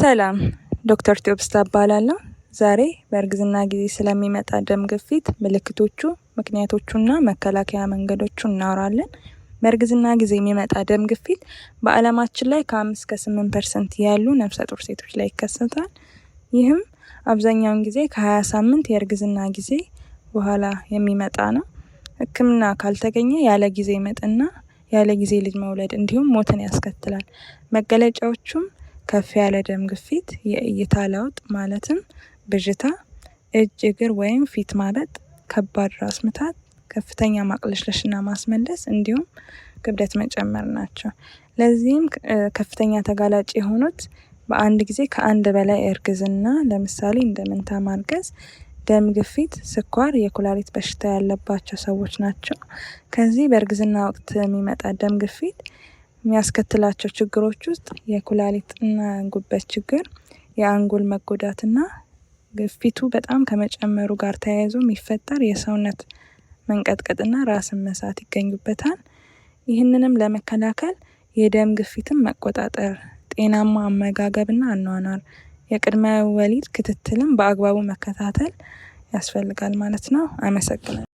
ሰላም ዶክተር ቴዎብስታ እባላለሁ። ዛሬ በእርግዝና ጊዜ ስለሚመጣ ደም ግፊት ምልክቶቹ፣ ምክንያቶቹና መከላከያ መንገዶቹ እናወራለን። በእርግዝና ጊዜ የሚመጣ ደም ግፊት በዓለማችን ላይ ከአምስት ከስምንት ፐርሰንት ያሉ ነፍሰ ጡር ሴቶች ላይ ይከሰታል። ይህም አብዛኛውን ጊዜ ከሀያ ሳምንት የእርግዝና ጊዜ በኋላ የሚመጣ ነው። ሕክምና ካልተገኘ ያለ ጊዜ ምጥና ያለ ጊዜ ልጅ መውለድ እንዲሁም ሞትን ያስከትላል። መገለጫዎቹም ከፍ ያለ ደም ግፊት፣ የእይታ ለውጥ ማለትም ብዥታ፣ እጅ እግር ወይም ፊት ማበጥ፣ ከባድ ራስ ምታት፣ ከፍተኛ ማቅለሽለሽና ማስመለስ እንዲሁም ክብደት መጨመር ናቸው። ለዚህም ከፍተኛ ተጋላጭ የሆኑት በአንድ ጊዜ ከአንድ በላይ እርግዝና ለምሳሌ እንደ መንታ ማርገዝ፣ ደም ግፊት፣ ስኳር፣ የኩላሊት በሽታ ያለባቸው ሰዎች ናቸው። ከዚህ በእርግዝና ወቅት የሚመጣ ደም ግፊት የሚያስከትላቸው ችግሮች ውስጥ የኩላሊት እና ጉበት ችግር፣ የአንጎል መጎዳትና ግፊቱ በጣም ከመጨመሩ ጋር ተያይዞ የሚፈጠር የሰውነት መንቀጥቀጥና ራስን መሳት ይገኙበታል። ይህንንም ለመከላከል የደም ግፊትን መቆጣጠር፣ ጤናማ አመጋገብና አኗኗር፣ የቅድመ ወሊድ ክትትልም በአግባቡ መከታተል ያስፈልጋል ማለት ነው። አመሰግናል